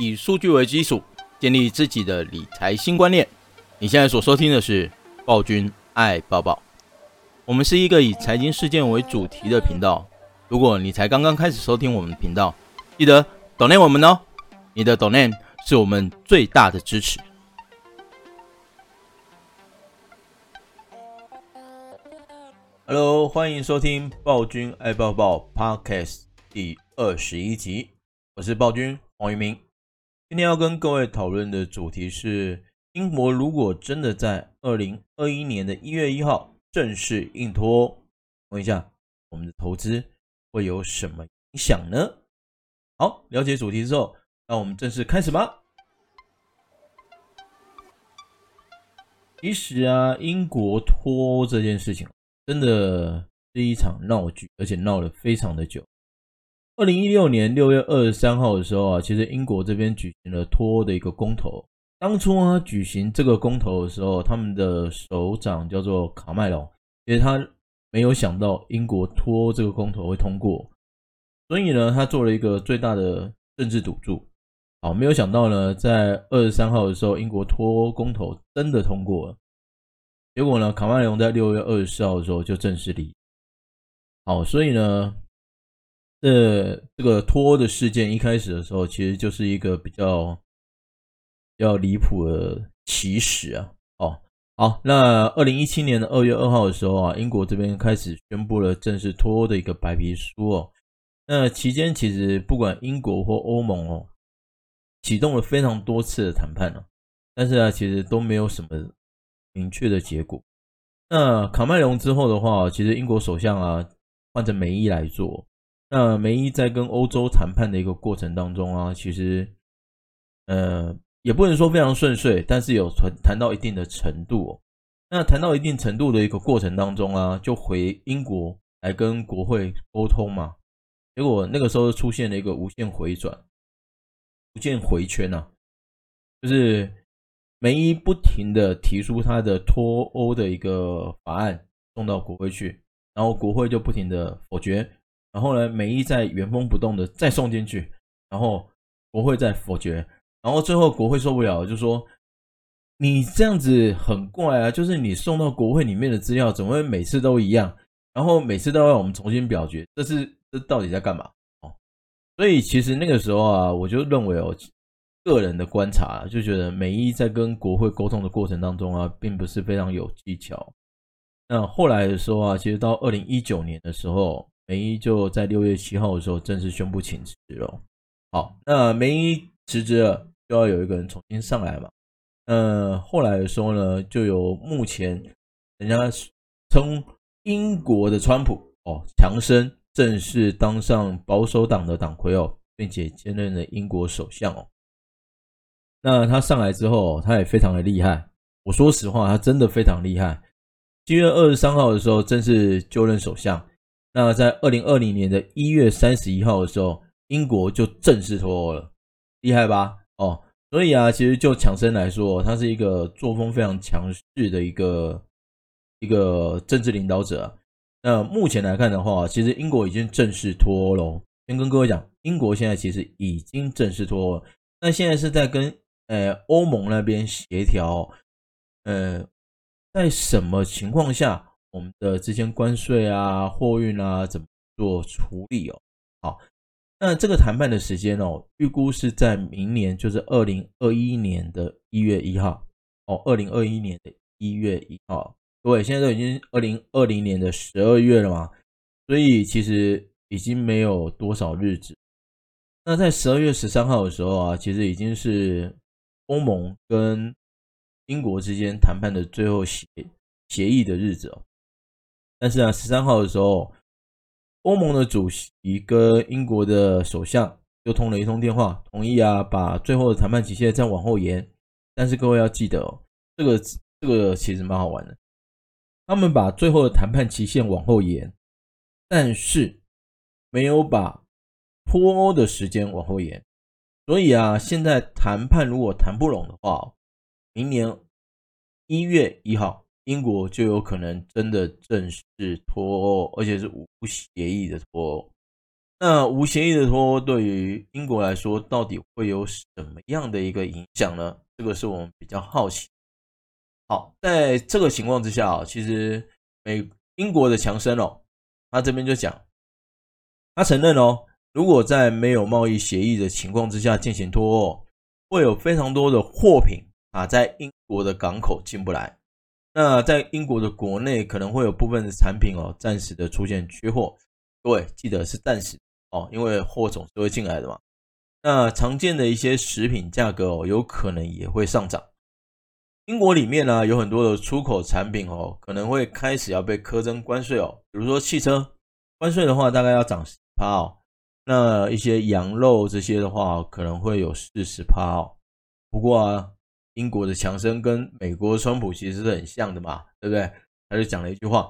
以數據為基礎，建立自己的理財新觀念。你現在所收聽的是《暴君愛抱抱》，我們是一個以財經事件為主題的頻道。如果你才剛剛開始收聽我們的頻道，記得 Donate 我們哦，你的 Donate 是我們最大的支持。Hello，歡迎收聽《暴君愛抱抱》Podcast 第二十一集，我是暴君，黃於銘。今天要跟各位討論的主題是：英國如果真的在二零二一年的一月一號正式硬脫，問一下我們的投資會有什麼影響呢？好，了解主題之後，那我們正式開始吧。其實啊，英國脫歐這件事情真的是一場鬧劇，而且鬧了非常的久。二零一六年六月二十三號的時候啊，其實英國這邊舉行了脫歐的一個公投。當初啊舉行這個公投的時候，他們的首長叫做卡麥隆。其實他沒有想到英國脫歐這個公投會通過，所以呢他做了一個最大的政治賭注。好，沒有想到呢，在二十三號的時候，英國脫歐公投真的通過了。結果呢，卡麥隆在六月二十四號的時候就正式離。好，所以呢。呃，這個脫歐的事件一開始的時候，其實就是一個比較，比較離譜的起始啊。哦，好，那二零一七年的二月二號的時候啊，英國這邊開始宣布了正式脫歐的一個白皮書哦。那期間其實不管英國或歐盟哦，啟動了非常多次的談判了、啊，但是啊，其實都沒有什麼明確的結果。那卡麥隆之後的話，其實英國首相啊，換成梅姨來做。那梅伊在跟歐洲談判的一個過程當中啊，其實，呃，也不能說非常順遂，但是有談談到一定的程度哦。那談到一定程度的一個過程當中啊，就回英國來跟國會溝通嘛。結果那個時候出現了一個無限回轉、無限回圈啊，就是梅伊不停的提出他的脫歐的一個法案送到國會去，然後國會就不停的否決。然後呢，梅伊再原封不動的再送進去，然後國會再否決，然後最後國會受不了了，就說你這樣子很怪啊，就是你送到國會裡面的資料，怎麼會每次都一樣，然後每次都要我們重新表決，這是這到底在幹嘛？哦，所以其實那個時候啊，我就認為哦，個人的觀察就覺得梅伊在跟國會溝通的過程當中啊，並不是非常有技巧。那後來的時候啊，其實到二零一九年的時候。梅姨就在六月七號的時候正式宣布請辭職了。好，那梅姨辭職了，就要有一個人重新上來嘛。呃，後來的時候呢，就由目前人家稱英國的川普哦，強生正式當上保守黨的黨魁哦，並且兼任了英國首相哦。那他上來之後，他也非常的厲害。我說實話，他真的非常厲害。七月二十三號的時候，正式就任首相。那在二零二零年的一月三十一號的時候，英國就正式脫歐了，厲害吧？哦，所以啊，其實就強森來說，他是一個作風非常強勢的一個一個政治領導者啊。那目前來看的話，其實英國已經正式脫歐。先跟各位講，英國現在其實已經正式脫歐，那現在是在跟呃歐盟那邊協調，呃，在什麼情況下，我們的之間關稅啊、貨運啊怎麼做處理哦？好，那這個談判的時間哦，預估是在明年，就是二零二一年的一月一號哦，二零二一年的一月一號。各位現在都已經二零二零年的十二月了嘛，所以其實已經沒有多少日子。那在十二月十三號的時候啊，其實已經是歐盟跟英國之間談判的最後協協議的日子哦。但是啊，十三號的時候，歐盟的主席跟英國的首相又通了一通電話，同意啊把最後的談判期限再往後延。但是各位要記得、哦，這個這個其實蠻好玩的，他們把最後的談判期限往後延，但是沒有把脫歐的時間往後延。所以啊，現在談判如果談不攏的話，明年一月一號。英國就有可能真的正式脫歐，而且是無協議的脫歐。那無協議的脫歐對於英國來說，到底會有什麼樣的一個影響呢？這個是我們比較好奇。好，在這個情況之下啊，其實美英國的強森哦，他這邊就講，他承認哦，如果在沒有貿易協議的情況之下進行脫歐，會有非常多的貨品啊，在英國的港口進不來。那在英國的國內可能會有部分的產品哦，暫時的出現缺貨。各位記得是暫時哦，因為貨總是會進來的嘛。那常見的一些食品價格哦，有可能也會上漲。英國裡面呢、啊，有很多的出口產品哦，可能會開始要被課徵關稅哦。比如說汽車關稅的話，大概要漲十趴哦。那一些羊肉這些的話、哦，可能會有四十趴哦。不過啊。英國的強生跟美國川普其實是很像的嘛，對不對？他就講了一句話：“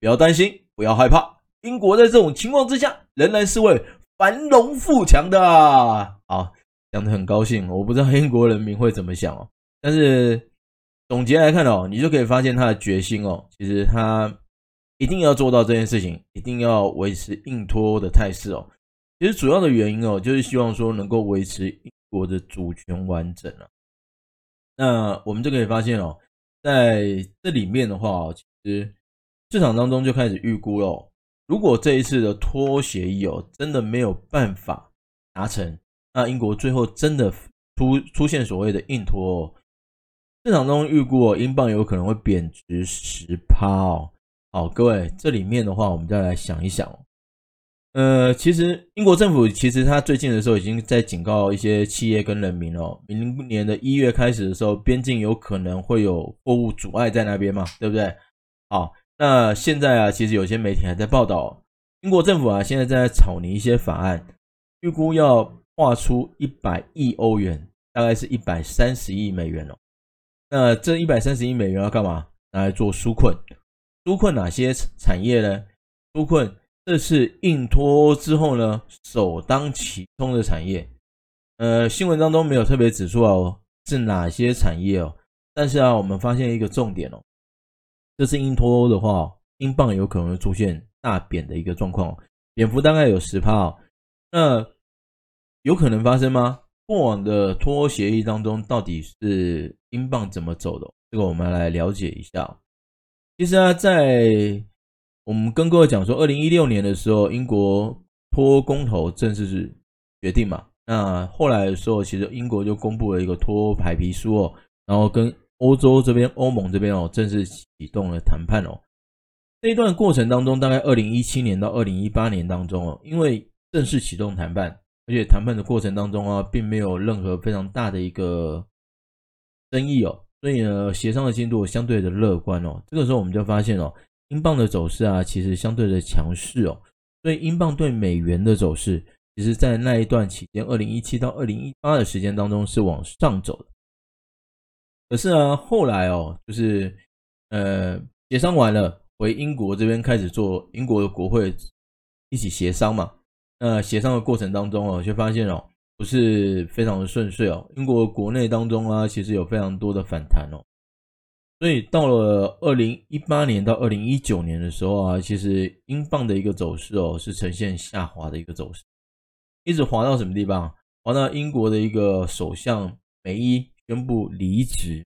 不要擔心，不要害怕。”英國在這種情況之下，仍然是會繁榮富強的啊！講得很高興，我不知道英國人民會怎麼想哦。但是總結來看哦，你就可以發現他的決心哦，其實他一定要做到這件事情，一定要維持硬脫歐的態勢哦。其實主要的原因哦，就是希望說能夠維持英國的主權完整啊。那我們就可以發現哦，在這裡面的話、哦，其實市場當中就開始預估了、哦，如果這一次的脫歐協議哦，真的沒有辦法達成，那英國最後真的出出現所謂的硬脫歐、哦，市場中預估、哦、英鎊有可能會貶值十趴哦。好，各位，這裡面的話，我們再來想一想、哦。呃，其實英國政府其實他最近的時候已經在警告一些企業跟人民了哦，明年的一月開始的時候，邊境有可能會有貨物阻礙在那邊嘛，對不對？好，那現在啊，其實有些媒體還在報道，英國政府啊現在正在草擬一些法案，預估要劃出一百億歐元，大概是一百三十億美元哦。那這一百三十億美元要幹嘛？拿來做紓困，紓困哪些產業呢？紓困。這次硬脫歐之後呢，首當其衝的產業。呃，新聞當中沒有特別指出哦，是哪些產業哦？但是啊，我們發現一個重點哦，這次硬脫歐的話，英鎊有可能會出現大貶的一個狀況哦，貶幅大概有十帕哦。那有可能發生嗎？過往的脫歐協議當中，到底是英鎊怎麼走的？這個我們來了解一下。其實啊，在我們跟各位講說，二零一六年的時候，英國脫歐公投正式是決定嘛？那後來的時候，其實英國就公布了一個脫歐白皮書哦，然後跟歐洲這邊、歐盟這邊哦，正式啟動了談判哦。這一段過程當中，大概二零一七年到二零一八年當中哦，因為正式啟動談判，而且談判的過程當中啊，並沒有任何非常大的一個爭議哦，所以呢，協商的進度相對的樂觀哦。這個時候我們就發現哦。英鎊的走勢啊，其實相對的強勢哦，所以英鎊對美元的走勢，其實，在那一段期間，二零一七到二零一八的時間當中是往上走的。可是呢，後來哦，就是呃，協商完了，回英國這邊開始做英國的國會一起協商嘛。那協商的過程當中哦，卻發現哦，不是非常的順遂哦，英國國內當中啊，其實有非常多的反彈哦。所以到了二零一八年到二零一九年的時候啊，其實英鎊的一個走勢哦，是呈現下滑的一個走勢，一直滑到什麼地方？滑到英國的一個首相梅伊宣布離職，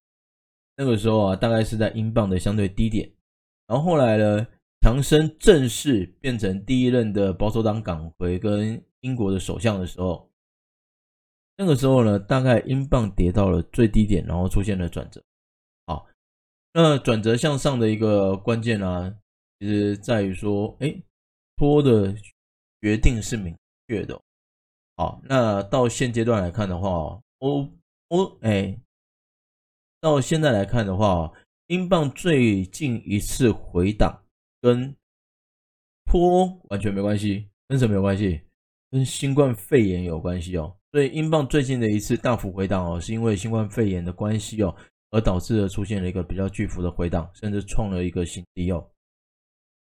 那個時候啊，大概是在英鎊的相對低點。然後後來呢，強生正式變成第一任的保守黨黨魁跟英國的首相的時候，那個時候呢，大概英鎊跌到了最低點，然後出現了轉折。那轉折向上的一個關鍵啊，其實在於說，哎、欸，波的決定是明確的。好，那到現階段來看的話，歐歐哎，到現在來看的話，英鎊最近一次回檔跟坡完全沒關係，跟什麼有關係？跟新冠肺炎有關係哦。所以，英鎊最近的一次大幅回檔哦，是因為新冠肺炎的關係哦。而導致了出現了一個比較巨幅的回檔，甚至創了一個新低哦。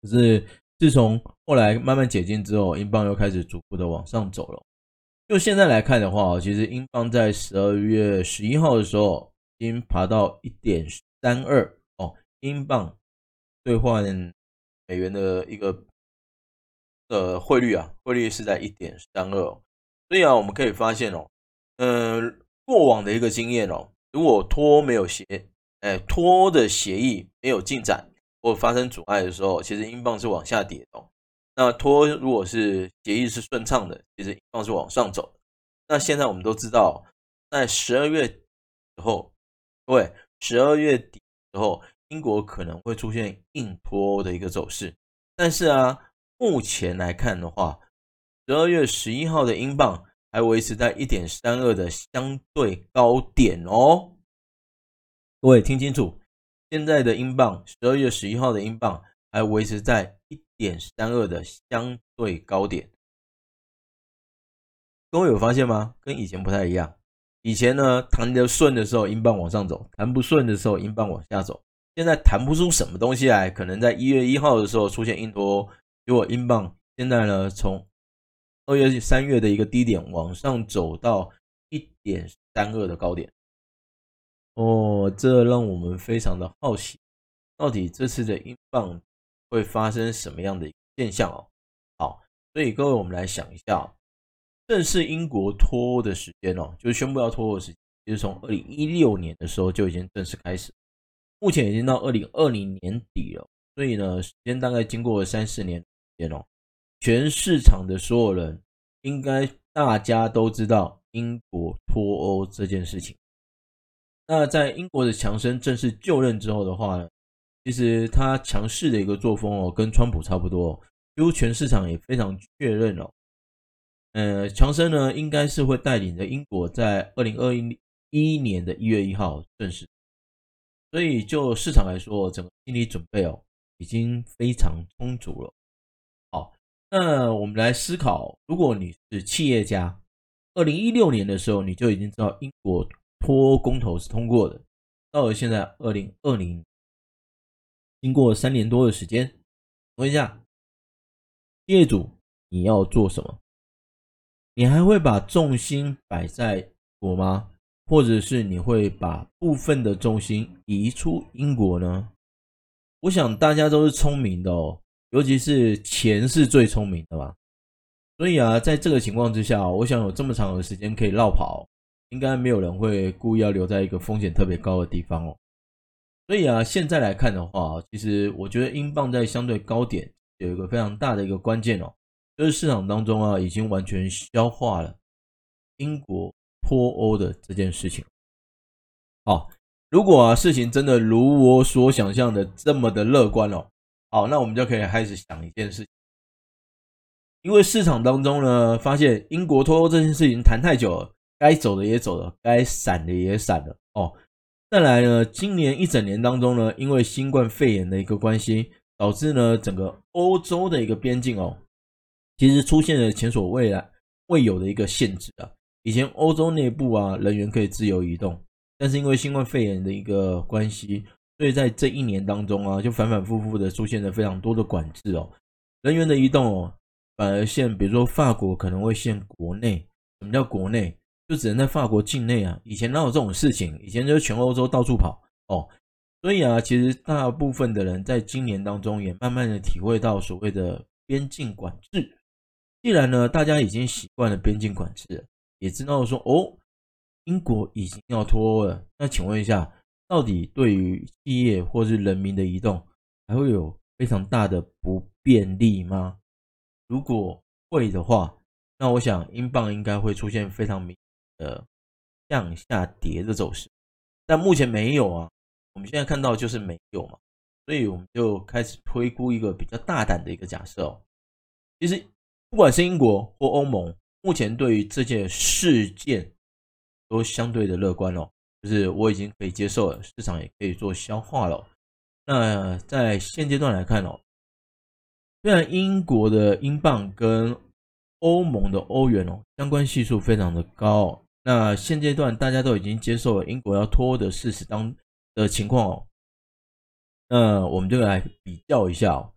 可是自從後來慢慢解禁之後，英鎊又開始逐步的往上走了。就現在來看的話，其實英鎊在十二月十一號的時候已經爬到一點三二哦，英鎊兌換美元的一個的匯率啊，匯率是在一點三二。所以啊，我們可以發現哦，呃，過往的一個經驗哦。如果脫歐沒有協，哎，脫歐的協議沒有進展或發生阻礙的時候，其實英鎊是往下跌的哦。那脫如果是協議是順暢的，其實英鎊是往上走。那現在我們都知道，在十二月以後，對，十二月底之後，英國可能會出現硬脫歐的一個走勢。但是啊，目前來看的話，十二月十一號的英鎊。還維持在一點三二的相對高點哦，各位聽清楚，現在的英鎊十二月十一號的英鎊還維持在一點三二的相對高點。各位有發現嗎？跟以前不太一樣。以前呢，談得順的時候，英鎊往上走；談不順的時候，英鎊往下走。現在談不出什麼東西來，可能在一月一號的時候出現硬脫歐。如果英鎊現在呢從二月三月的一個低點，往上走到一點三二的高點，哦，這讓我們非常的好奇，到底這次的英鎊會發生什麼樣的現象哦？好，所以各位，我們來想一下哦，正式英國脫歐的時間哦，就是宣布要脫歐的時間，其實從二零一六年的時候就已經正式開始，目前已經到二零二零年底了，所以呢，時間大概經過了三四年時間哦。全市場的所有人應該大家都知道英國脫歐這件事情。那在英國的強生正式就任之後的話呢，其實他強勢的一個作風哦，跟川普差不多。因為全市場也非常確認哦，呃，強生呢應該是會帶領着英國在二零二一一年的一月一號正式脫歐。所以就市場來說，整個心理準備哦已經非常充足了。那我們來思考，如果你是企業家，二零一六年的時候你就已經知道英國脫歐公投是通過的，到了現在二零二零年，經過三年多的時間，問一下業主你要做什麼？你還會把重心擺在英國嗎？或者是你會把部分的重心移出英國呢？我想大家都是聰明的哦。尤其是錢是最聰明的嘛，所以啊，在這個情況之下，我想有這麼長的時間可以落跑，應該沒有人會故意要留在一個風險特別高的地方哦。所以啊，現在來看的話，其實我覺得英鎊在相對高點有一個非常大的一個關鍵哦，就是市場當中啊已經完全消化了英國脫歐的這件事情。好、哦，如果啊事情真的如我所想象的這麼的樂觀哦。好，那我們就可以開始想一件事情，因為市場當中呢，發現英國脫歐這件事情談太久了，該走的也走了，該散的也散了哦。再來呢，今年一整年當中呢，因為新冠肺炎的一個關係，導致呢整個歐洲的一個邊境哦，其實出現了前所未來未有的一個限制啊。以前歐洲內部啊人員可以自由移動，但是因為新冠肺炎的一個關係。所以在這一年當中啊，就反反复复的出現了非常多的管制哦，人員的移動哦，反而限，比如說法國可能會限國內，什麼叫國內？就只能在法國境內啊。以前哪有這種事情？以前就全歐洲到處跑哦。所以啊，其實大部分的人在今年當中也慢慢的體會到所謂的邊境管制。既然呢，大家已經習慣了邊境管制，也知道說哦，英國已經要脫歐了，那請問一下。到底對於企業或是人民的移動，還會有非常大的不便利嗎？如果會的話，那我想英鎊應該會出現非常明顯的向下跌的走勢，但目前沒有啊。我們現在看到就是沒有嘛，所以我們就開始推估一個比較大膽的一個假設哦。其實不管是英國或歐盟，目前對於這件事件都相對的樂觀哦。就是我已經可以接受了，市場也可以做消化了。那在現階段來看哦，雖然英國的英鎊跟歐盟的歐元哦相關係數非常的高，那現階段大家都已經接受了英國要脫歐的事實當的情況哦，那我們就來比較一下哦，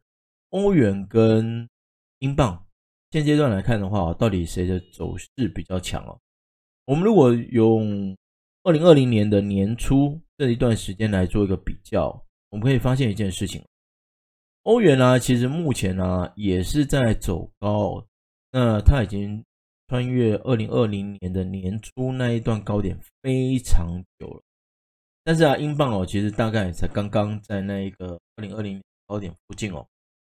歐元跟英鎊。現階段來看的話，到底誰的走勢比較強哦？我們如果用二零二零年的年初這一段時間來做一個比較，我們可以發現一件事情：歐元呢、啊，其實目前呢、啊、也是在走高，那它已經穿越二零二零年的年初那一段高點非常久了。但是啊，英鎊哦，其實大概才剛剛在那一個二零二零高點附近哦。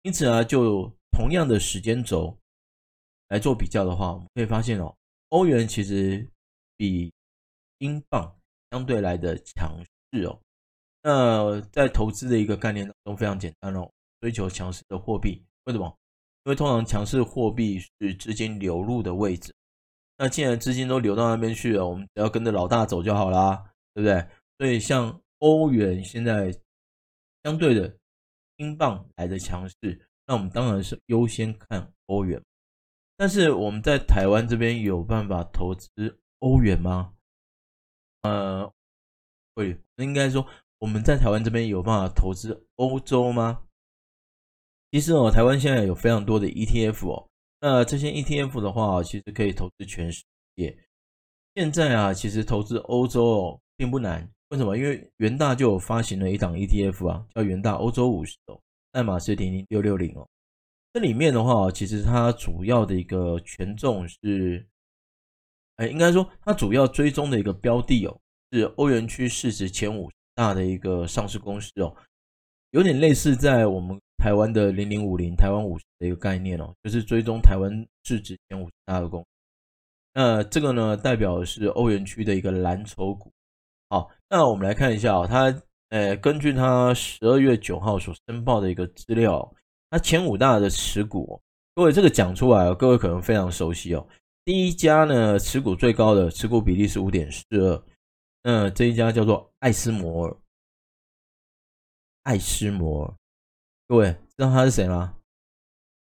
因此啊，就同樣的時間軸來做比較的話，我們可以發現哦，歐元其實比。英鎊相對來的強勢哦，那在投資的一個概念當中非常簡單哦，追求強勢的貨幣，為什麼？因為通常強勢貨幣是資金流入的位置，那既然資金都流到那邊去了，我們只要跟着老大走就好啦，對不對？所以像歐元現在相對的英鎊來的強勢，那我們當然是優先看歐元，但是我們在台灣這邊有辦法投資歐元嗎？呃，那應該說我們在台灣這邊有辦法投資歐洲嗎？其實哦，台灣現在有非常多的 ETF 哦，那這些 ETF 的話，其實可以投資全世界。現在啊，其實投資歐洲哦並不難，為什麼？因為元大就有發行了一檔 ETF 啊，叫元大歐洲五十哦，代碼是零零六六零哦。這裡面的話，其實它主要的一個權重是。哎，應該說它主要追蹤的一個標的哦，是歐元區市值前五十大的一個上市公司哦，有點類似在我們台灣的零零五零台灣五十的一個概念哦，就是追蹤台灣市值前五十大的公司。那這個呢，代表的是歐元區的一個藍籌股。好，那我們來看一下哦，它、哎、根據它十二月九號所申報的一個資料，它前五大的持股、哦，各位這個講出來、哦，各位可能非常熟悉哦。第一家呢，持股最高的持股比例是五點四二，那這一家叫做艾斯摩爾，艾斯摩爾，各位知道他是誰嗎？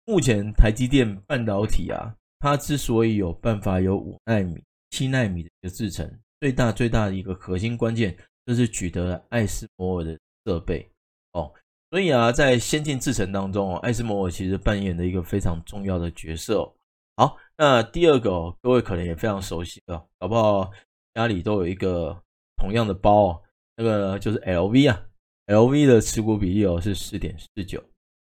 目前台積電半導體啊，它之所以有辦法有五奈米、七奈米的一個制程，最大最大的一個核心關鍵，就是取得了艾斯摩爾的設備哦，所以啊，在先進製程當中，艾斯摩爾其實扮演了一個非常重要的角色。好、哦。那第二個哦，各位可能也非常熟悉哦，搞不好家裡都有一個同樣的包哦，那個就是 LV 啊，LV 的持股比例哦是四點四九。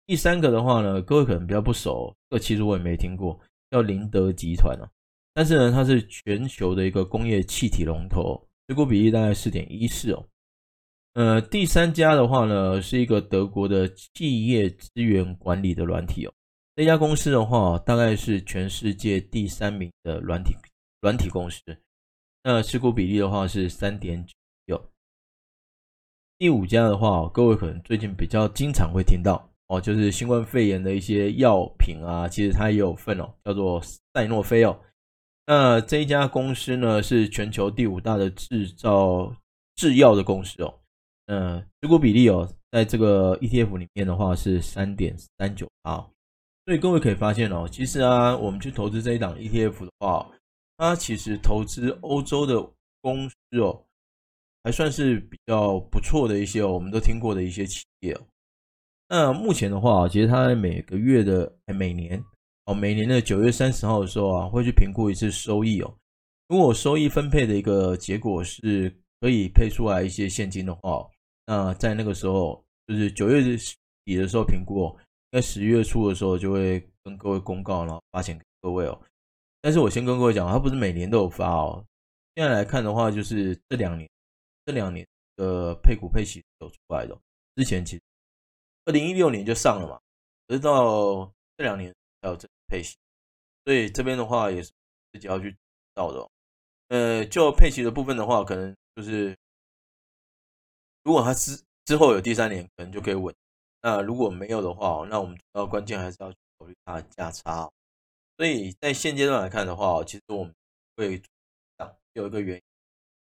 第三個的話呢，各位可能比較不熟，這個其實我也沒聽過，叫林德集團哦，但是呢，它是全球的一個工業氣體龍頭，持股比例大概四點一四哦。呃，第三家的話呢，是一個德國的企業資源管理的軟體哦。這家公司的話，大概是全世界第三名的軟體軟體公司。那持股比例的話是三點九六。第五家的話，各位可能最近比較經常會聽到哦，就是新冠肺炎的一些藥品啊，其實它也有份哦，叫做賽諾菲哦。那這家公司呢，是全球第五大的製造製藥的公司哦。嗯，持股比例哦，在這個 ETF 裡面的話是三點三九。所以各位可以發現哦，其實啊，我們去投資這一檔 ETF 的話，它其實投資歐洲的公司哦，還算是比較不錯的一些哦，我們都聽過的一些企業哦。那目前的話，其實它每個月的、每年哦，每年的九月三十號的時候啊，會去評估一次收益哦。如果收益分配的一個結果是可以配出來一些現金的話，那在那個時候，就是九月底的時候評估哦。在十一月初的時候就會跟各位公告，然後發錢給各位哦。但是我先跟各位講，他不是每年都有發哦。現在來看的話，就是這兩年，這兩年的配股配息都出來的。之前其實二零一六年就上了嘛，直到這兩年才有這配息。所以這邊的話也是自己要去知道的。呃，就配息的部分的話，可能就是如果他之之後有第三年，可能就可以穩。那如果沒有的話，那我們主要關鍵還是要去考慮它的價差。所以在現階段來看的話，其實我們會有一個原因，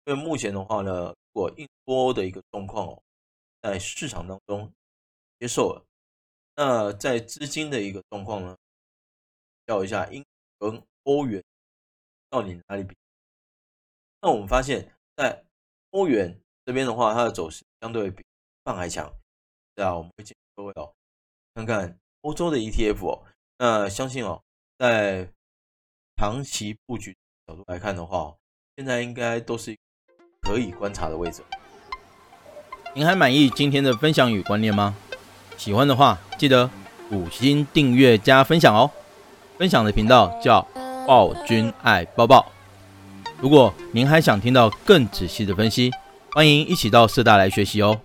因為目前的話呢，如果硬脫歐的一個狀況哦，在市場當中接受了。那在資金的一個狀況呢，比較一下英跟歐元到底哪裡比？那我們發現，在歐元這邊的話，它的走勢相對比鎊還強。對啊，我們會建議各位哦，看看歐洲的 ETF 哦。那相信哦，在長期布局的角度來看的話，現在應該都是一個可以觀察的位置。您還滿意今天的分享與觀念嗎？喜歡的話記得五星訂閱加分享哦。分享的頻道叫暴君愛抱抱。如果您還想聽到更仔細的分析，歡迎一起到社大來學習哦。